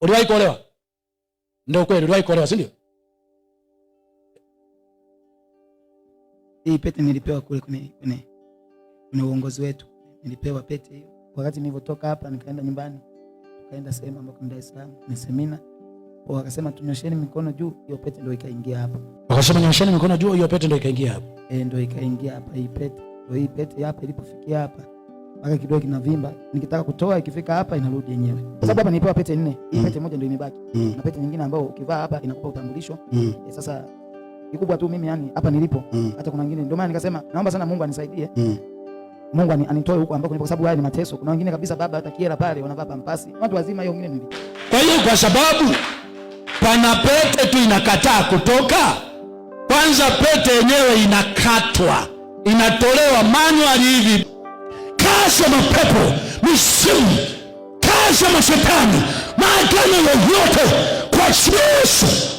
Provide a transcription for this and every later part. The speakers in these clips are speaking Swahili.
Uliwahi kuolewa? Ndio kweli uliwahi kuolewa, si ndio? Hii pete nilipewa kule kwenye kwenye kwenye uongozi wetu, nilipewa pete hiyo wakati nilivyotoka hapa, nikaenda nyumbani, nikaenda sehemu ambako ni Dar es Salaam, ni semina wakasema tunyosheni mikono juu, hiyo pete ndio ikaingia hapa. Wakasema nyosheni mikono juu, hiyo pete ndio ikaingia hapa. Eh, ndio ikaingia hapa hii pete. Ndio hii pete hapa ilipofikia hapa mpaka kidole kinavimba, nikitaka kutoa ikifika hapa inarudi yenyewe, Sasa hapa nipewa pete nne. pete moja ndio imebaki mm. na pete nyingine ambayo ukivaa hapa inakupa utambulisho. Mm. Eh, sasa kikubwa tu mimi yani hapa nilipo, mm. hata kuna wengine, ndio maana nikasema naomba sana Mungu anisaidie, Mungu anitoe huko ambako nipo, kwa sababu haya ni mateso. Kuna wengine kabisa, baba, hata kiera pale wanavaa pampasi, watu wazima, hiyo wengine mimi. Kwa hiyo kwa sababu pana pete tu inakataa kutoka, kwanza pete yenyewe inakatwa, inatolewa manual hivi kazi ya mapepo, misimu, kazi ya mashetani, maagano yoyote kwa Yesu.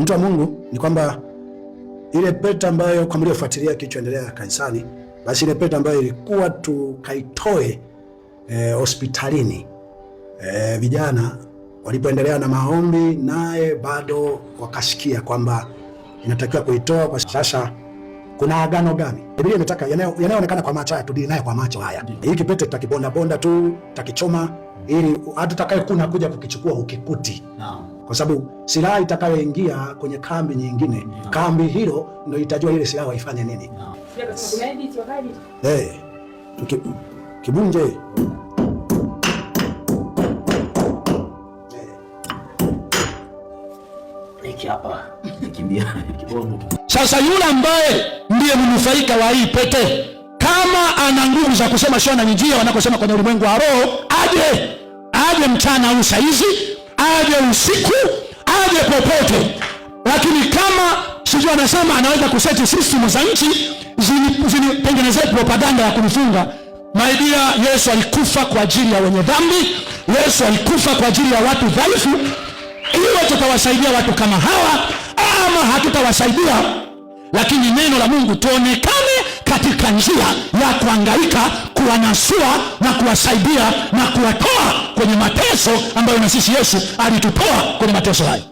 mtu wa Mungu, ni kwamba ile pete ambayo kwa mliofuatilia kilichoendelea kanisani, basi ile pete ambayo ilikuwa tukaitoe eh, hospitalini eh, vijana walipoendelea na maombi naye bado wakasikia kwamba inatakiwa kuitoa kwa sasa. Kuna agano gani? Biblia imetaka yanayoonekana kwa macho haya tudili naye kwa macho haya. Hii kipete tutakibonda bonda tu, tutakichoma ili hata kuja kukichukua ukikuti. Naam kwa sababu silaha itakayoingia kwenye kambi nyingine no. kambi hilo ndio itajua ile silaha waifanye nini no. hey, eh, kibunje eh. Sasa yule ambaye ndiye mnufaika wa hii pete, kama ana nguvu za kusema sio ananijia, wanakosema kwenye ulimwengu wa roho, aje aje mchana huu saizi aje usiku, aje popote. Lakini kama sijui, anasema anaweza kuseti system za nchi zinitengenezee propaganda ya kunifunga. Maidia, Yesu alikufa kwa ajili ya wenye dhambi. Yesu alikufa kwa ajili ya watu dhaifu. Iwe tutawasaidia watu kama hawa ama hatutawasaidia, lakini neno la Mungu tuonekane katika njia ya kuangaika, kuwanasua na kuwasaidia na kuwatoa kwenye mateso ambayo na sisi Yesu alitutoa kwenye mateso hayo.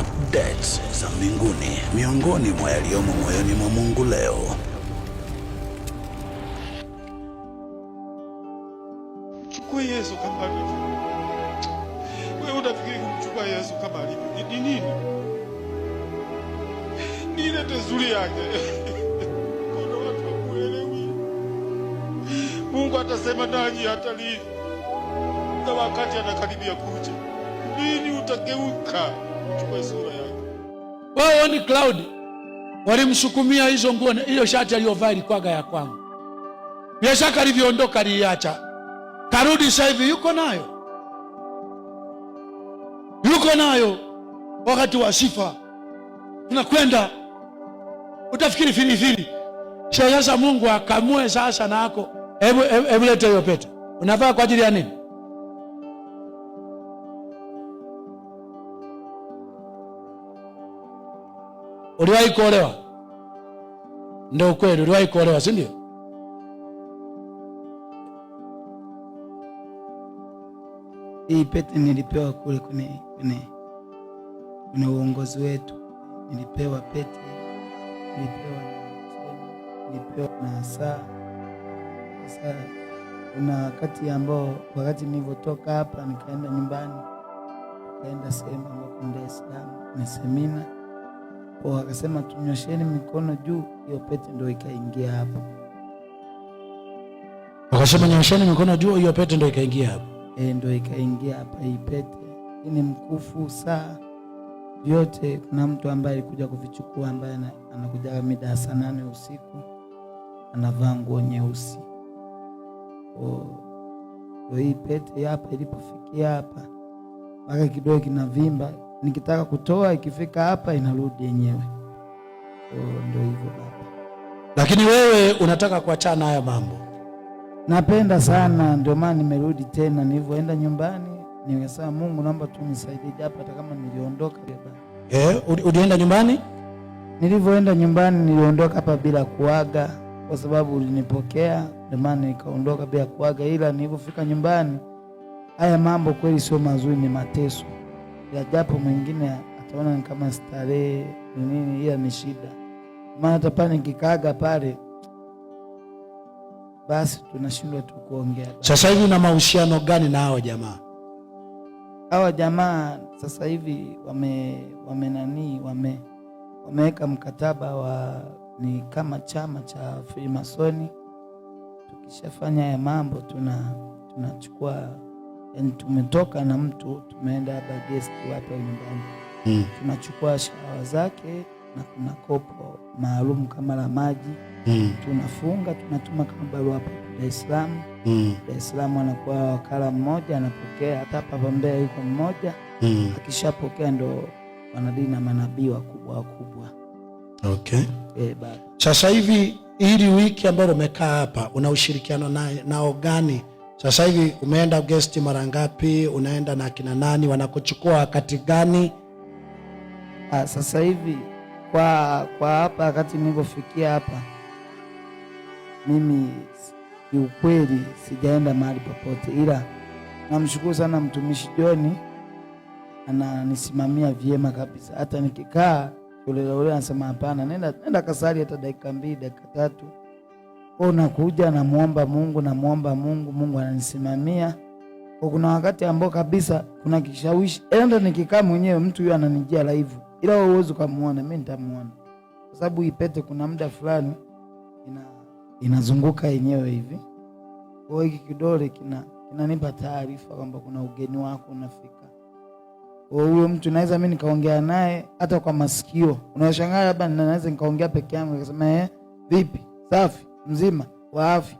Updates za mbinguni, miongoni mwa yaliyomo moyoni mwa Mungu leo. Chukua Yesu kama alivyo. Wewe unafikiri kumchukua Yesu kama alivyo ni nini? Hadi ile tezuri yake kono watu wakuelewi. Mungu atasema nanyi hata lini, na wakati anakaribia kuja, lini utageuka uchukue sura yake? Wewe ni Claudi, walimsukumia hizo nguo, hiyo shati aliyovaa ilikwaga ya kwangu. Bila shaka alivyoondoka aliiacha, karudi sasa hivi yuko nayo, yuko nayo wakati wa sifa tunakwenda utafikiri filifili. Sasa Mungu akamue sasa na yako. Hebu hebu leta hiyo pete. Unavaa kwa ajili ya nini? Uliwahi kuolewa? Ndio kweli, uliwahi kuolewa, si ndio? Hii pete nilipewa kule kwenye kwenye uongozi wetu, nilipewa pete nilipewa na mchele, nilipewa na saa. Sasa kuna wakati ambao, wakati nilivyotoka hapa nikaenda nyumbani, nikaenda sehemu ambapo ni Dar es Salaam na semina po, wakasema tunyosheni mikono juu, hiyo pete ndio ikaingia hapo. Wakasema nyosheni mikono juu, hiyo pete ndio ikaingia hapo. Eh, ndio ikaingia hapa hii pete. ni mkufu saa vyote. Kuna mtu ambaye alikuja kuvichukua ambaye anakuja mida ya saa nane usiku, anavaa nguo nyeusi. Hii pete hapa ilipofikia hapa mpaka kidogo kinavimba, nikitaka kutoa, ikifika hapa inarudi yenyewe. Ndio hivyo baba. Lakini wewe unataka kuachana haya mambo? Napenda sana, ndio maana nimerudi tena. Nilivyoenda nyumbani Nikasema Mungu, naomba tu nisaidie japo hata kama niliondoka. Eh, ulienda nyumbani? Nilivyoenda nyumbani niliondoka hapa bila kuaga kwa sababu ulinipokea, ndio maana nikaondoka bila kuaga, ila nilipofika nyumbani haya mambo kweli sio mazuri, ni mateso ya japo mwingine ataona ni kama starehe ni nini, ila ni shida. Maana hata pale nikikaaga pale basi tunashindwa tu kuongea. Sasa hivi na mahusiano gani na hao jamaa? hawa jamaa sasa hivi wame wame nani wame wameweka mkataba wa ni kama chama cha Freemasoni. Tukishafanya ya mambo tuna tunachukua yani, tumetoka na mtu tumeenda hapa guest hapa nyumbani mm. tunachukua shawa zake na kuna kopo maalum kama la maji mm. tunafunga tunatuma kama barua pepe Dar es Salaam. Mm. Dar es Salaam anakuwa wakala mmoja anapokea, hata hapa Mbeya yuko mmoja mm. Akishapokea ndo wanadini na manabii wakubwa wakubwa. Okay. E, sasa hivi hili wiki ambayo umekaa hapa una ushirikiano na, nao gani? Sasa hivi umeenda guest mara ngapi? Unaenda na akina nani? Wanakuchukua wakati gani? Ah, sasa hivi kwa kwa hapa wakati nilipofikia hapa mimi kiukweli sijaenda mahali popote, ila namshukuru sana mtumishi John ananisimamia vyema kabisa. Hata nikikaa ulelaule anasema hapana, nenda, nenda kasali hata dakika mbili dakika tatu kwa nakuja, namuomba Mungu, namuomba Mungu, Mungu ananisimamia kwa. Kuna wakati ambao kabisa kuna kishawishi, enda nikikaa mwenyewe mtu huyo ananijia live, ila wewe uweze kumuona, mimi nitamuona kwa sababu ipete, kuna muda fulani ina inazunguka yenyewe hivi. Kwa hiki kidole kina kinanipa taarifa kwamba kuna ugeni wako unafika. Kwa huyo mtu naweza mimi nikaongea naye hata kwa masikio. Unashangaa labda naweza nikaongea peke yangu nikasema eh, vipi? Safi, mzima, wa afya.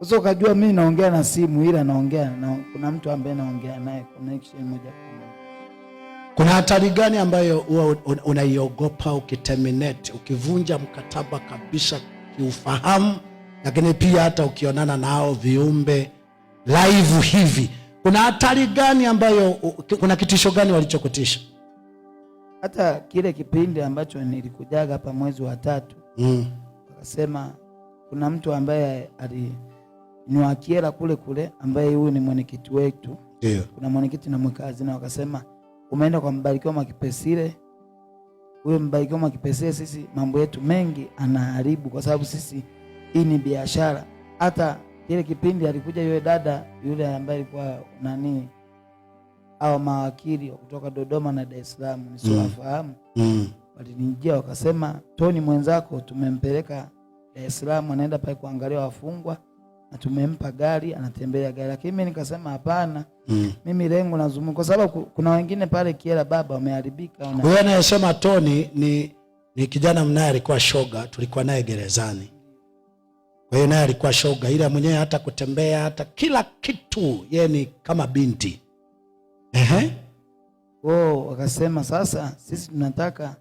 Sasa ukajua mimi naongea na simu ila naongea na kuna mtu ambaye naongea naye connection moja kwa moja. Kuna hatari gani ambayo huwa unaiogopa ukiterminate, ukivunja mkataba kabisa kiufahamu lakini pia hata ukionana nao viumbe live hivi, kuna hatari gani ambayo, kuna kitisho gani walichokutisha? Hata kile kipindi ambacho nilikujaga hapa mwezi wa tatu, mm. wakasema mm. kuna mtu ambaye aliniwakiela kule kule, ambaye huyu ni mwenyekiti wetu yeah. kuna mwenyekiti na mweka hazina, wakasema umeenda kwa Mbarikiwa Mwakipesile huyo Mbarikiwa Mwakipesile, sisi mambo yetu mengi anaharibu, kwa sababu sisi hii ni biashara. Hata kile kipindi alikuja yule dada yule ambaye alikuwa nani au mawakili kutoka Dodoma na Dar es Salaam nisiwafahamu, mm. mm. walinijia wakasema, Toni mwenzako tumempeleka Dar es Salaam, anaenda pale kuangalia wafungwa na tumempa gari, anatembelea gari. Lakini mimi nikasema hapana, mm. mimi lengo nazumu, kwa sababu kuna wengine pale Kiela baba wameharibika. Wewe anayesema Toni ni, ni kijana mnaye alikuwa shoga, tulikuwa naye gerezani kwa hiyo naye alikuwa shoga, ila mwenyewe hata kutembea hata kila kitu yeye ni kama binti. Ehe. Oh, wakasema sasa sisi tunataka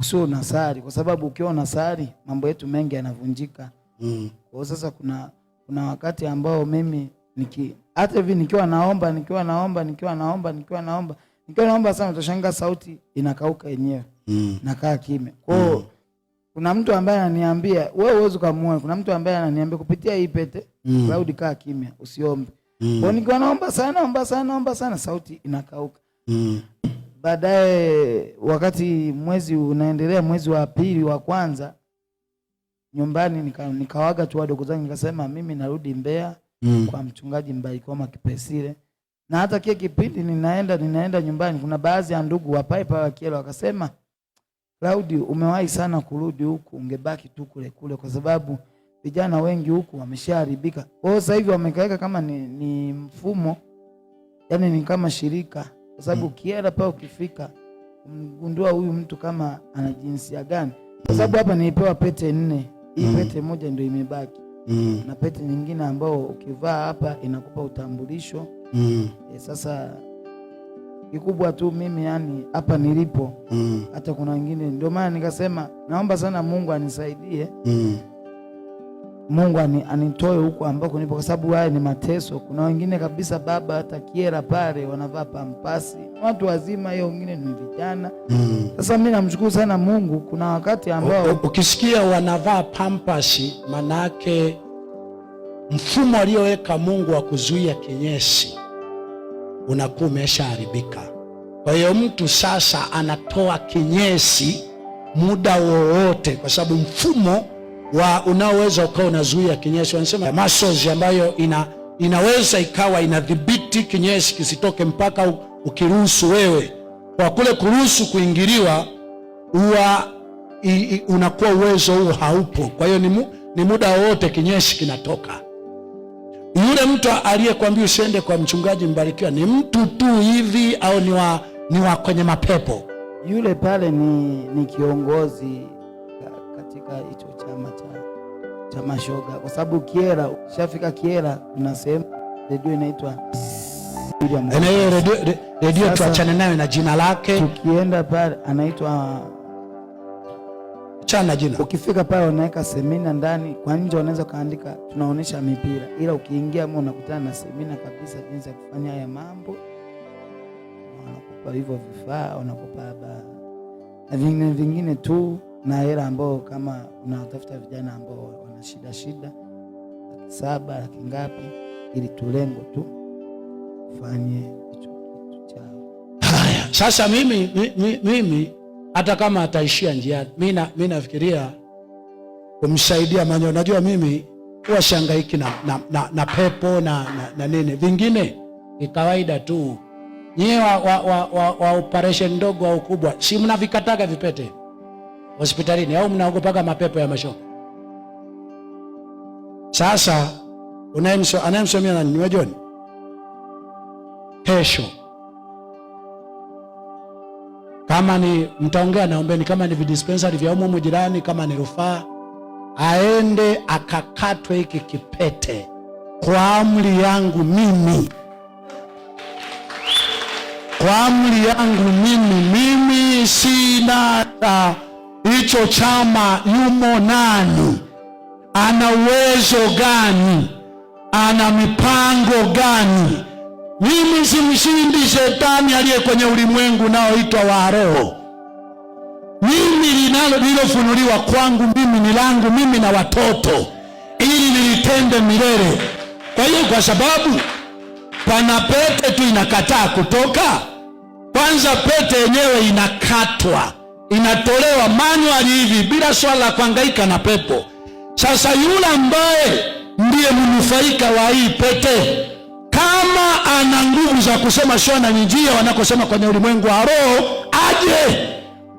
usio unasari, kwa sababu ukiwa unasari mambo yetu mengi yanavunjika. Mm. Kwa hiyo sasa kuna kuna wakati ambao mimi niki hata hivi nikiwa naomba nikiwa naomba nikiwa naomba nikiwa naomba nikiwa naomba sana, utashangaa sauti inakauka yenyewe. Mm. Nakaa kimya. Kwa hiyo mm kuna mtu ambaye ananiambia wewe uweze kumuona. Kuna mtu ambaye ananiambia kupitia hii pete mm. Cloud, kaa kimya, usiombe mm. Kwa nikiwa naomba sana, naomba sana, naomba sana, sauti inakauka mm. Baadaye wakati mwezi unaendelea, mwezi wa pili wa kwanza, nyumbani nika, nikawaga tu wadogo zangu nikasema mimi narudi Mbeya mm. kwa mchungaji Mbaikoma Kipesile, na hata kile kipindi ninaenda ninaenda nyumbani, kuna baadhi ya ndugu wa Piper wa Kyela wakasema Claudio, umewahi sana kurudi huku, ungebaki tu kule kule, kwa sababu vijana wengi huku wameshaharibika. hiyo sasa hivi wamekaweka kama ni, ni mfumo yani ni kama shirika, kwa sababu hmm. ukienda mm. pale ukifika umgundua huyu mtu kama ana jinsia gani, kwa sababu hapa nilipewa pete nne, hii mm. pete moja ndio imebaki mm. na pete nyingine ambayo ukivaa hapa inakupa utambulisho mm. E, sasa kikubwa tu mimi yani hapa nilipo mm. hata kuna wengine, ndio maana nikasema naomba sana Mungu anisaidie mm. Mungu anitoe huko ambako nipo, kwa sababu haya ni mateso. Kuna wengine kabisa baba, hata kiera pale wanavaa pampasi, watu wazima, hiyo wengine ni vijana mm. Sasa mimi namshukuru sana Mungu, kuna wakati ambao ukisikia wanavaa pampasi, manake mfumo alioweka Mungu wa kuzuia kinyesi unakuwa umeshaharibika. Kwa hiyo mtu sasa anatoa kinyesi muda wowote, kwa sababu mfumo wa unaoweza ukawa unazuia kinyesi wanasema muscles, ambayo ina, inaweza ikawa inadhibiti kinyesi kisitoke mpaka ukiruhusu wewe. Kwa kule kuruhusu kuingiliwa, huwa unakuwa uwezo huo haupo. Kwa hiyo ni, mu, ni muda wowote kinyesi kinatoka. Yule mtu aliyekwambia usiende kwa mchungaji Mbarikiwa ni mtu tu hivi au ni wa, ni wa kwenye mapepo? Yule pale ni, ni kiongozi katika hicho chama cha, cha mashoga, kwa sababu Kiera shafika Kiera, kuna sehemu redio inaitwa redio, tuachane nayo na jina lake, tukienda pale anaitwa chana jina. Ukifika pale unaweka semina ndani, kwa nje unaweza kaandika tunaonesha mipira, ila ukiingia mo unakutana na semina kabisa, jinsi ya kufanya haya mambo, wanakupa hivyo vifaa, wanakupa ba na vingine vingine tu, na hela ambao kama unatafuta vijana ambao wana shida shida, laki saba laki ngapi, ili tulengo tu fanye kitu chao. Haya sasa, mimi mimi, mimi hata kama ataishia njiani. Mi nafikiria kumsaidia manyo Najua mimi huwa shangaiki na, na, na, na pepo na, na, na nini vingine, ni kawaida tu. Nyie wa, wa, wa, wa, wa operation ndogo au kubwa, si mnavikataga vipete hospitalini au mnaogopaga mapepo ya mashoka? Sasa anayemsomia nani? Ni John kesho kama ni mtaongea naombeni, kama ni vidispensari vya humu jirani, kama ni rufaa, aende akakatwe hiki kipete kwa amri yangu mimi, kwa amri yangu mimi. Mimi sina hicho chama. Yumo nani? Ana uwezo gani? Ana mipango gani? Mimi simshindi shetani aliye kwenye ulimwengu naoitwa wa roho. Mimi linalo lilofunuliwa kwangu mimi ni langu mimi na watoto, ili nilitende milele. Kwa hiyo, kwa sababu pana pete tu inakataa kutoka, kwanza pete yenyewe inakatwa, inatolewa manuali hivi, bila swala la kuhangaika na pepo. Sasa yule ambaye ndiye mnufaika wa hii pete kama ana nguvu za kusema shona ni njia wanakosema kwenye ulimwengu wa roho, aje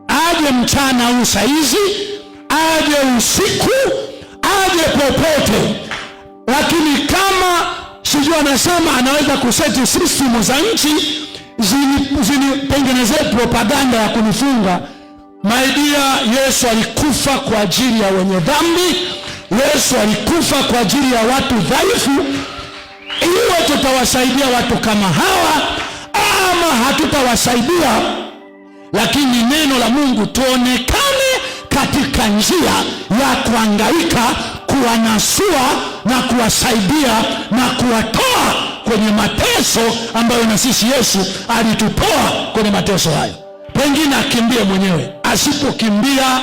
aje mchana huu saizi, aje usiku, aje popote. Lakini kama sijui, anasema anaweza kuseti sistimu za nchi zinitengenezee propaganda ya kunifunga. Maidia, Yesu alikufa kwa ajili ya wenye dhambi. Yesu alikufa kwa ajili ya watu dhaifu iwe tutawasaidia watu kama hawa ama hatutawasaidia, lakini neno la Mungu tuonekane katika njia ya kuangaika, kuwanasua na kuwasaidia na kuwatoa kwenye mateso ambayo na sisi Yesu alitutoa kwenye mateso hayo. Pengine akimbie mwenyewe, asipokimbia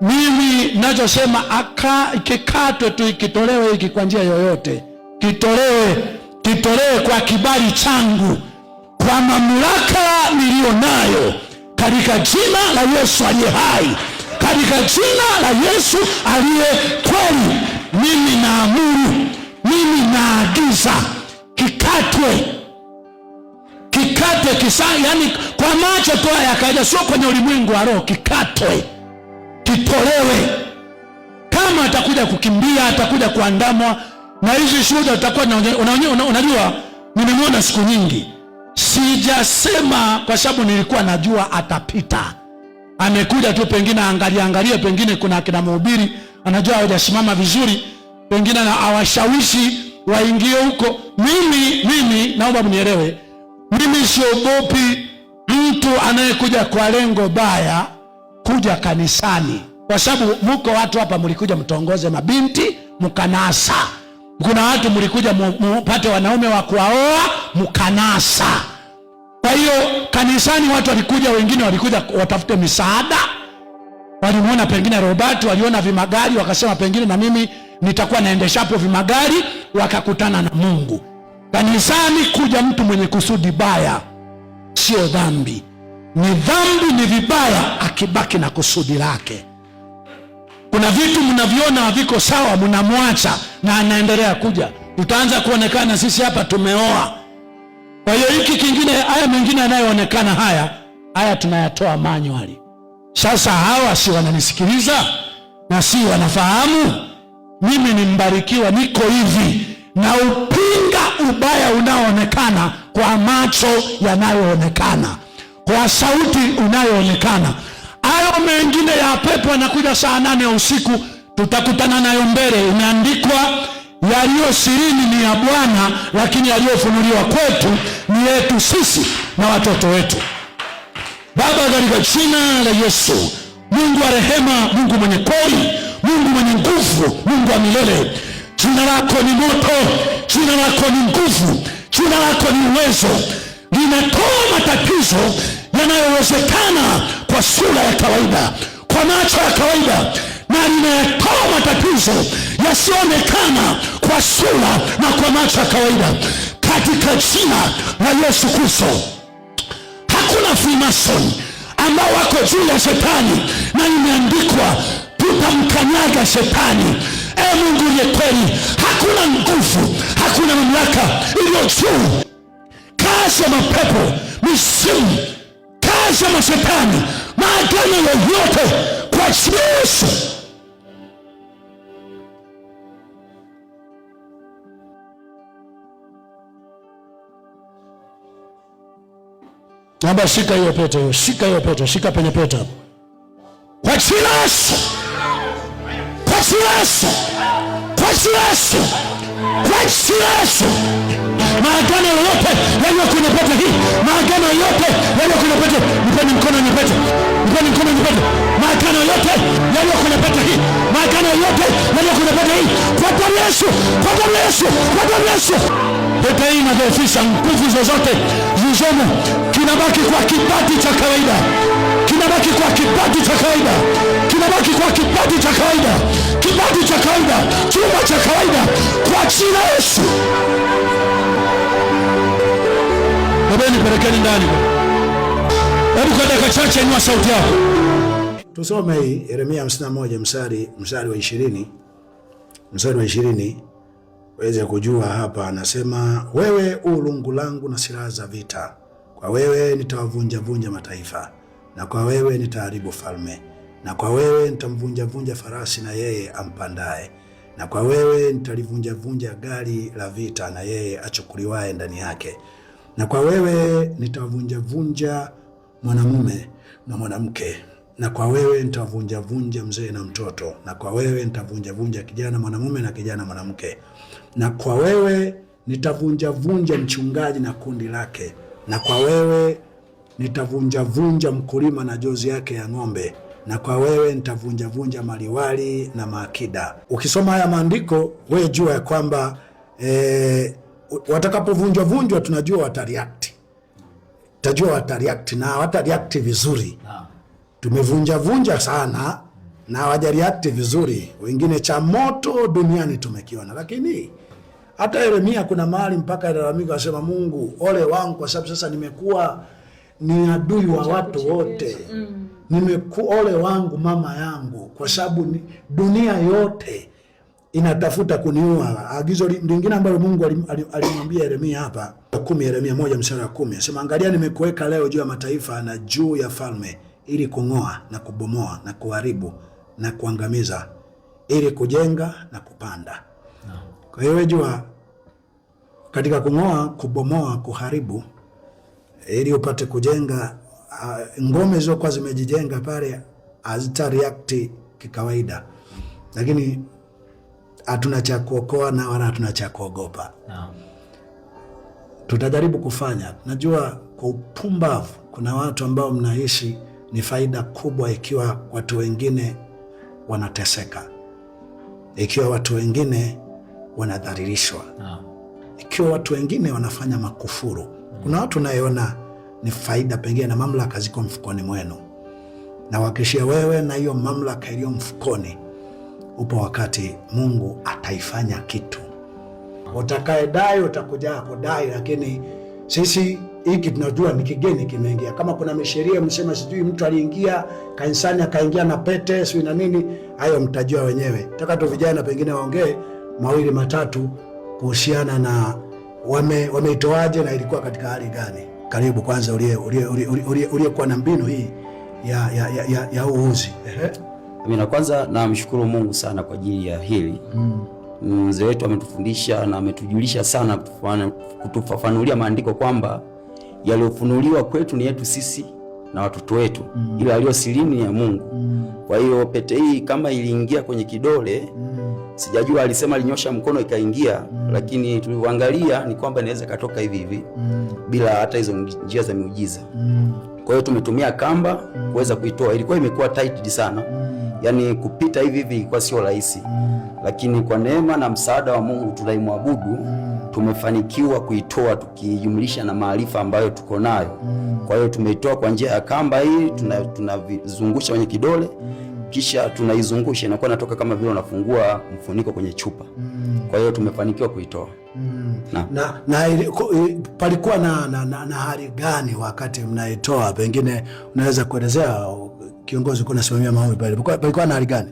mimi nachosema, akikatwe ikikatwe tu, ikitolewe hiki kwa njia yoyote kitolewe, kitolewe kwa kibali changu, kwa mamlaka niliyo nayo, katika jina la Yesu aliye hai, katika jina la Yesu aliye kweli. Mimi naamuru, mimi naagiza kikatwe kikatwe kisa, yani kwa macho toa ya kaida, sio kwenye ulimwengu wa roho. Kikatwe, kitolewe. Kama atakuja kukimbia, atakuja kuandamwa na hizi shuhuda tutakuwa unajua, nimemwona siku nyingi, sijasema kwa sababu nilikuwa najua atapita. Amekuja tu pengine angalia angalie, pengine kuna akina mhubiri anajua hawajasimama vizuri, pengine awashawishi waingie huko. Mimi mimi naomba mnielewe, mimi siogopi mtu anayekuja kwa lengo baya kuja kanisani, kwa sababu muko watu hapa mlikuja mtongoze mabinti mkanasa kuna watu mlikuja mpate wanaume wa kuwaoa mkanasa. Kwa hiyo kanisani watu walikuja, wengine walikuja watafute misaada, walimwona pengine Robert, waliona vimagari, wakasema pengine na mimi nitakuwa naendeshapo vimagari, wakakutana na Mungu. Kanisani kuja mtu mwenye kusudi baya sio dhambi, ni dhambi, ni vibaya akibaki na kusudi lake. Kuna vitu mnaviona haviko sawa, mnamwacha na anaendelea kuja. Tutaanza kuonekana sisi hapa tumeoa. Kwa hiyo hiki kingine, haya mengine yanayoonekana haya haya tunayatoa manywali Sasa hawa si wananisikiliza na si wanafahamu mimi nimbarikiwa niko hivi na upinga ubaya unaoonekana kwa macho yanayoonekana, kwa sauti unayoonekana Hayo mengine ya pepo yanakuja saa nane ya usiku, tutakutana nayo mbele. Imeandikwa, yaliyo sirini ni ya Bwana, lakini yaliyofunuliwa kwetu ni yetu sisi na watoto wetu. Baba, katika jina la Yesu, Mungu wa rehema, Mungu mwenye kweli, Mungu mwenye nguvu, Mungu wa milele, jina lako ni moto, jina lako ni nguvu, jina lako ni uwezo, linatoa matatizo yanayowezekana kwa sura ya kawaida, kwa macho ya kawaida, na linayatoa matatizo yasiyoonekana kwa sura na kwa macho ya kawaida, katika jina la Yesu Kristo. Hakuna frimasoni ambao wako juu ya shetani, na imeandikwa tutamkanyaga shetani. E Mungu liye kweli, hakuna nguvu, hakuna mamlaka iliyo juu. Kazi ya mapepo, misimu kuwaza mashetani, maagano yoyote kwa Yesu. Naomba shika hiyo pete hiyo, shika hiyo pete, shika penye pete hapo. Kwa Yesu. Kwa Yesu. Kwa Yesu. Kwa Yesu maagano yoyote yaliyo kwenye pete hii, maagano yote yaliyo kwenye pete, nipeni mkono wenye pete, nipeni mkono wenye pete, maagano yote yaliyo kwenye pete hii, maagano yote yaliyo kwenye pete hii, kwa damu ya Yesu, kwa damu ya Yesu, kwa damu ya Yesu. Pete hii inadhoofisha nguvu zozote zizomo, kinabaki kwa kipati cha kawaida, kinabaki kwa kipati cha kawaida, kinabaki kwa kipati cha kawaida, kipati cha kawaida, chuma cha kawaida, kwa jina la Yesu. Hebu nipelekeni ndani. Hebu kwa dakika chache inua sauti yako. Tusome hii Yeremia 51 mstari mstari wa 20. Mstari wa 20 weze kujua hapa anasema, wewe u lungu langu na silaha za vita, kwa wewe nitawavunja vunja mataifa, na kwa wewe nitaharibu falme, na kwa wewe nitamvunja vunja farasi na yeye ampandaye, na kwa wewe nitalivunja vunja gari la vita na yeye achukuliwaye ndani yake na kwa wewe nitawavunjavunja mwanamume na mwanamke, na kwa wewe nitavunjavunja mzee na mtoto, na kwa wewe nitavunjavunja kijana mwanamume na kijana mwanamke, na kwa wewe nitavunjavunja mchungaji na kundi lake, na kwa wewe nitavunjavunja mkulima na jozi yake ya ng'ombe, na kwa wewe nitavunjavunja maliwali na maakida. Ukisoma haya maandiko, wewe jua ya kwamba eh, watakapovunjwa vunjwa, tunajua watareact, tajua watareact na watareact vizuri. Tumevunja vunja sana na hawajariact vizuri, wengine cha moto duniani tumekiona, lakini hata Yeremia kuna mahali mpaka alalamika, asema Mungu, ole wangu kwa sababu sasa nimekuwa ni adui wa watu wote mm. Nimekuwa ole wangu mama yangu, kwa sababu dunia yote inatafuta kuniua. Agizo lingine ambalo Mungu alimwambia Yeremia hapa kumi, Yeremia moja mstari wa kumi asema, angalia nimekuweka leo juu ya mataifa na juu ya falme, ili kung'oa na kubomoa na kuharibu na kuangamiza, ili kujenga na kupanda. Kwa hiyo wewe jua katika kung'oa, kubomoa, kuharibu ili upate kujenga, uh, ngome zilizokuwa zimejijenga pale hazita react kikawaida, lakini hatuna cha kuokoa na wala hatuna cha kuogopa Tutajaribu kufanya. Najua kwa upumbavu, kuna watu ambao mnaishi ni faida kubwa ikiwa watu wengine wanateseka, ikiwa watu wengine wanadhalilishwa ikiwa watu wengine wanafanya makufuru kuna watu unayeona ni faida pengine na mamlaka ziko mfukoni mwenu, wakishia wewe na hiyo mamlaka iliyo mfukoni upo wakati Mungu ataifanya kitu. Utakaedai utakuja dai, lakini sisi hiki tunajua ni kigeni kimeingia. Kama kuna misheria msema, sijui mtu aliingia kanisani akaingia na pete sijui na nini, hayo mtajua wenyewe. Taka tu vijana pengine waongee mawili matatu kuhusiana na wame wameitoaje na ilikuwa katika hali gani. Karibu kwanza uliyekuwa na mbinu hii ya, ya, ya, ya, ya uuzi Amina. Kwanza namshukuru Mungu sana kwa ajili ya hili mm. Mzee wetu ametufundisha na ametujulisha sana kutufafanulia maandiko kwamba yaliyofunuliwa kwetu ni yetu sisi na watoto wetu mm. ila aliyosilimu ni ya Mungu mm. Kwa hiyo pete hii kama iliingia kwenye kidole mm. sijajua, alisema alinyosha mkono ikaingia mm. lakini tulivyoangalia ni kwamba inaweza katoka hivi hivi mm. bila hata hizo njia za miujiza mm. Kwa hiyo tumetumia kamba mm. kuweza kuitoa, ilikuwa imekuwa tight sana mm yani kupita hivi hivi ilikuwa sio rahisi mm. Lakini kwa neema na msaada wa Mungu tunaimwabudu mm. Tumefanikiwa kuitoa tukijumlisha na maarifa ambayo tuko nayo mm. Kwa hiyo tumeitoa kwa njia ya kamba hii, mm. tunavizungusha tuna kwenye kidole mm. kisha tunaizungusha inakuwa natoka kama vile unafungua mfuniko kwenye chupa mm. Kwa hiyo tumefanikiwa kuitoa mm. na, na, na palikuwa na, na, na, na hali gani wakati mnaitoa? Pengine unaweza kuelezea kiongozi uko nasimamia maombi pale, palikuwa na hali gani?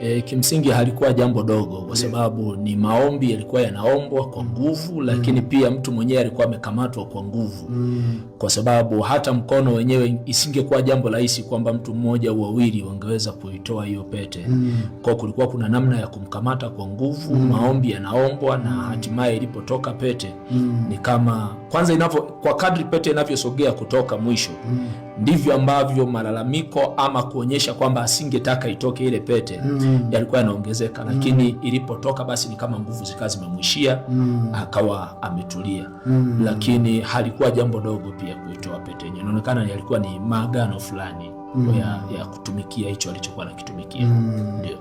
E, kimsingi halikuwa jambo dogo kwa sababu ni maombi yalikuwa yanaombwa kwa nguvu, mm. lakini mm. pia mtu mwenyewe alikuwa amekamatwa kwa nguvu mm. kwa sababu hata mkono wenyewe isingekuwa jambo rahisi kwamba mtu mmoja au wawili wangeweza kuitoa hiyo pete mm. kwa kulikuwa kuna namna ya kumkamata kwa nguvu mm. maombi yanaombwa na mm. hatimaye ilipotoka pete mm. ni kama kwanza inavyo, kwa kadri pete inavyosogea kutoka mwisho mm ndivyo ambavyo malalamiko ama kuonyesha kwamba asingetaka itoke ile pete mm. yalikuwa yanaongezeka, mm. lakini mm. ilipotoka basi ni kama nguvu zikawa zimemwishia mm. akawa ametulia mm. lakini halikuwa jambo dogo pia kuitoa pete yenyewe, inaonekana yalikuwa ni maagano fulani mm. ya, ya kutumikia hicho alichokuwa anakitumikia mm. ndio.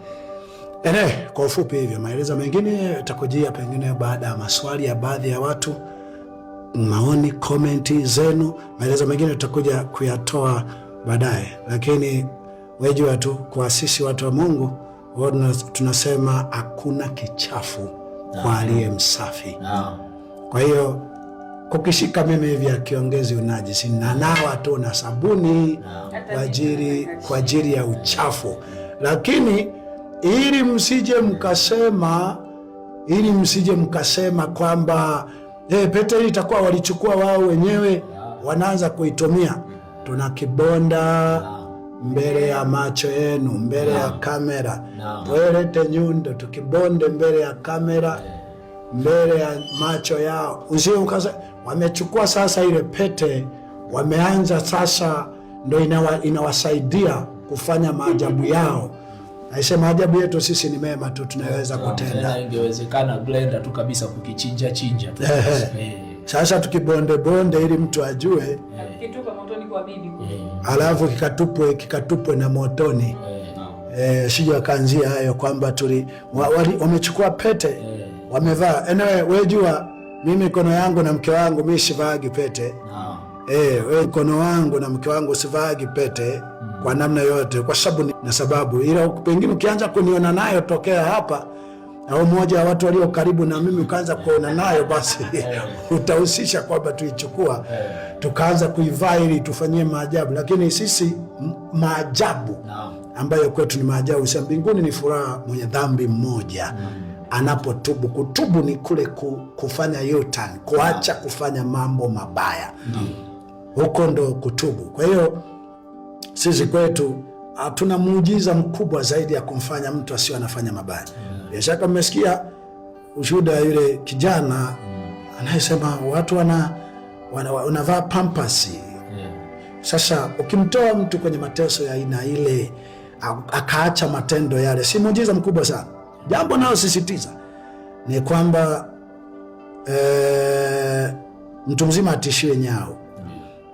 Ene, eh, kwa ufupi hivyo maelezo mengine takujia pengine baada ya maswali ya baadhi ya watu maoni, komenti zenu. Maelezo mengine tutakuja kuyatoa baadaye, lakini wejua tu kwa sisi watu wa Mungu tunasema hakuna kichafu no. kwa aliye msafi no. kwa hiyo kukishika mimi hivi akiongezi unajisi na nawa tu na sabuni no. kwa ajili kwa ajili ya uchafu, lakini ili msije mkasema ili msije mkasema kwamba pete Peteli itakuwa walichukua wao wenyewe, wanaanza kuitumia. Tuna kibonda mbele ya macho yenu, mbele ya kamera, twelete nyundo tukibonde mbele ya kamera, mbele ya macho yao, ukasa Wamechukua sasa ile pete, wameanza sasa, ndo inawa, inawasaidia kufanya maajabu yao. Aisema ajabu yetu sisi ni mema tu tunaweza kutenda. Ingewezekana blender tu kabisa kukichinja chinja. Eh. Sasa tukibonde bonde ili mtu ajue, eh. eh. alafu kikatupwe kikatupwe na motoni. Eh, sije wakaanzia hayo kwamba tuli wamechukua pete wamevaa. Enewe wewe jua mimi mikono yangu na mke wangu mimi sivaagi pete. Eh, wewe mkono wangu na mke wangu sivaagi pete kwa namna yoyote, kwa sababu na sababu. Ila pengine ukianza kuniona nayo tokea hapa au mmoja wa watu walio karibu na mimi ukaanza kuona nayo, basi utahusisha kwamba tuichukua tukaanza kuivaa ili tufanyie maajabu. Lakini sisi maajabu ambayo kwetu ni maajabu sa mbinguni ni furaha mwenye dhambi mmoja anapotubu. Kutubu ni kule kufanya yutan, kuacha kufanya mambo mabaya, huko ndo kutubu. Kwa hiyo sisi kwetu hatuna muujiza mkubwa zaidi ya kumfanya mtu asiwe anafanya mabaya. Bila shaka mmesikia ushuhuda yule kijana mm. anayesema watu wana, wana, wanavaa yeah. Sasa ukimtoa mtu kwenye mateso ya aina ile akaacha matendo yale, si muujiza mkubwa sana. Jambo nayosisitiza ni kwamba e, mtu mzima atishiwe nyao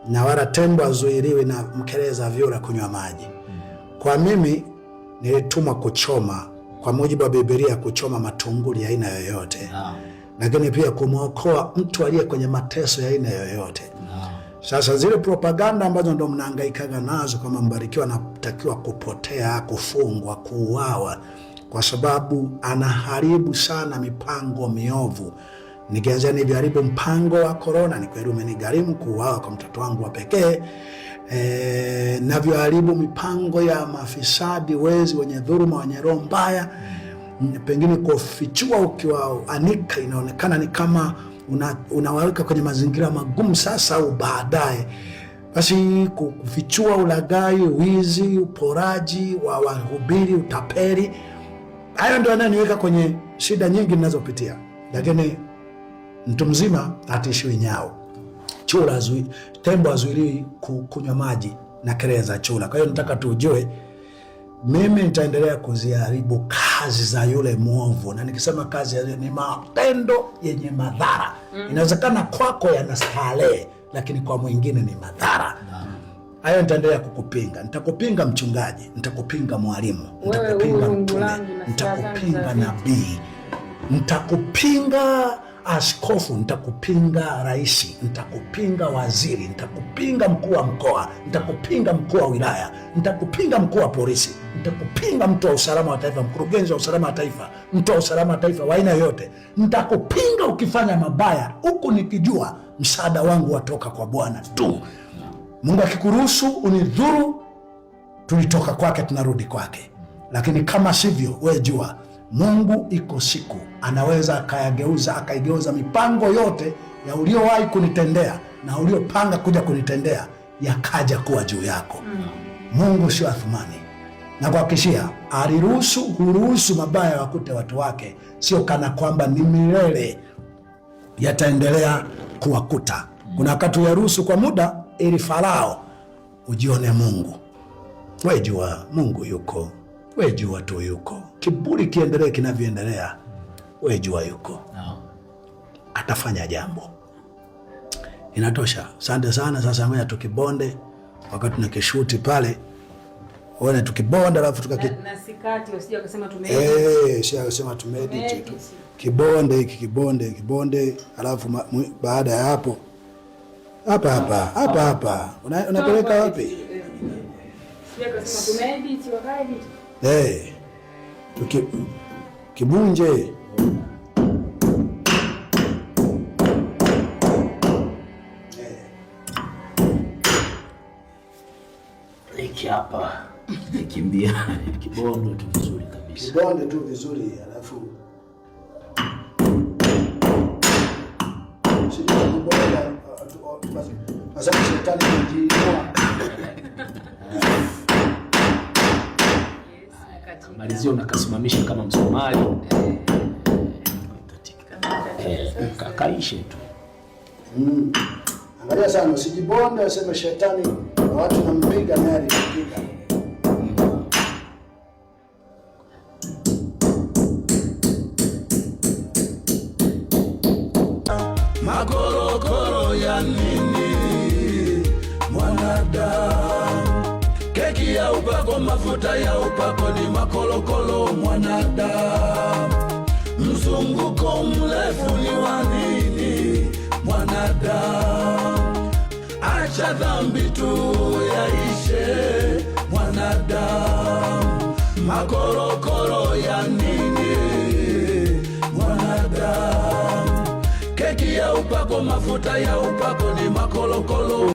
na wala tembo azuiriwi na mkeleza vyura kunywa maji. Kwa mimi nilitumwa kuchoma, kwa mujibu wa Biblia, kuchoma matunguli ya aina yoyote, lakini pia kumwokoa mtu aliye kwenye mateso ya aina yoyote. Sasa zile propaganda ambazo ndo mnahangaikaga nazo kwamba Mbarikiwa anatakiwa kupotea, kufungwa, kuuawa, kwa sababu anaharibu sana mipango miovu nikianzia niviharibu mpango wa korona, ni kweli umenigharimu kuuawa kwa mtoto wangu wa pekee e, navyoharibu mipango ya mafisadi, wezi, wenye dhuruma wenye roho mbaya, pengine kufichua ukiwaanika, inaonekana ni kama una, unawaweka kwenye mazingira magumu sasa au baadaye basi kufichua ulagai wizi, uporaji wa wahubiri, utapeli. Hayo ndio yananiweka kwenye shida nyingi ninazopitia, lakini Mtu mzima hatishiwi nyao. chula azui, tembo azuiliwi kunywa maji na kelele za chula. Kwa hiyo nataka tujue, mimi nitaendelea kuziharibu kazi za yule mwovu, na nikisema kazi ya ni matendo yenye madhara mm. Inawezekana kwako yana lakini kwa mwingine ni madhara Hayo nitaendelea kukupinga, nitakupinga mchungaji, nitakupinga mwalimu, nitakupinga mtume, nitakupinga nabii, nitakupinga askofu, nitakupinga rais, nitakupinga waziri, nitakupinga mkuu wa mkoa, nitakupinga mkuu wa wilaya, nitakupinga mkuu wa polisi, nitakupinga mtu wa usalama wa taifa, mkurugenzi wa usalama wa taifa, mtu wa usalama wa taifa wa aina yoyote, nitakupinga ukifanya mabaya, huku nikijua msaada wangu watoka kwa Bwana tu. Mungu akikuruhusu unidhuru, tulitoka kwake, tunarudi kwake, lakini kama sivyo, wewe jua Mungu iko siku anaweza akayageuza akaigeuza mipango yote ya uliowahi kunitendea na uliopanga kuja kunitendea yakaja kuwa juu yako. mm. Mungu sio athumani, na kuhakikishia aliruhusu huruhusu mabaya wakute watu wake, sio kana kwamba ni milele yataendelea kuwakuta. Kuna wakati uyaruhusu kwa muda ili Farao ujione Mungu. Wejua Mungu yuko, wejua tu yuko kiburi kiendelee kinavyoendelea, wejua jua yuko atafanya jambo. Inatosha, asante sana. Sasa ngoja tukibonde wakati na kishuti pale Uone tukibonda alafu tukaki na tumeedit. Eh, kibonde hiki kibonde kibonde alafu baada ya hapo hapa hapa hapa hapa unapeleka wapi? Kibunje hiki hapa kimbia kibonde tu vizuri kabisa, kibonde tu vizuri alafu uh, uh, shetani malizia nakasimamisha kama msumari eh, eh, eh, kakaishe tu. Mm. Angalia sana, usijibonde useme shetani na watu nampiga naye alipiga mafuta ya upako ni makolokolo mwanadamu, mzunguko mrefu ni wa nini mwanadamu? Acha dhambi tu yaishe mwanadamu, Makolokolo ya nini mwanadamu? Keki ya upako, mafuta ya upako ni makolokolo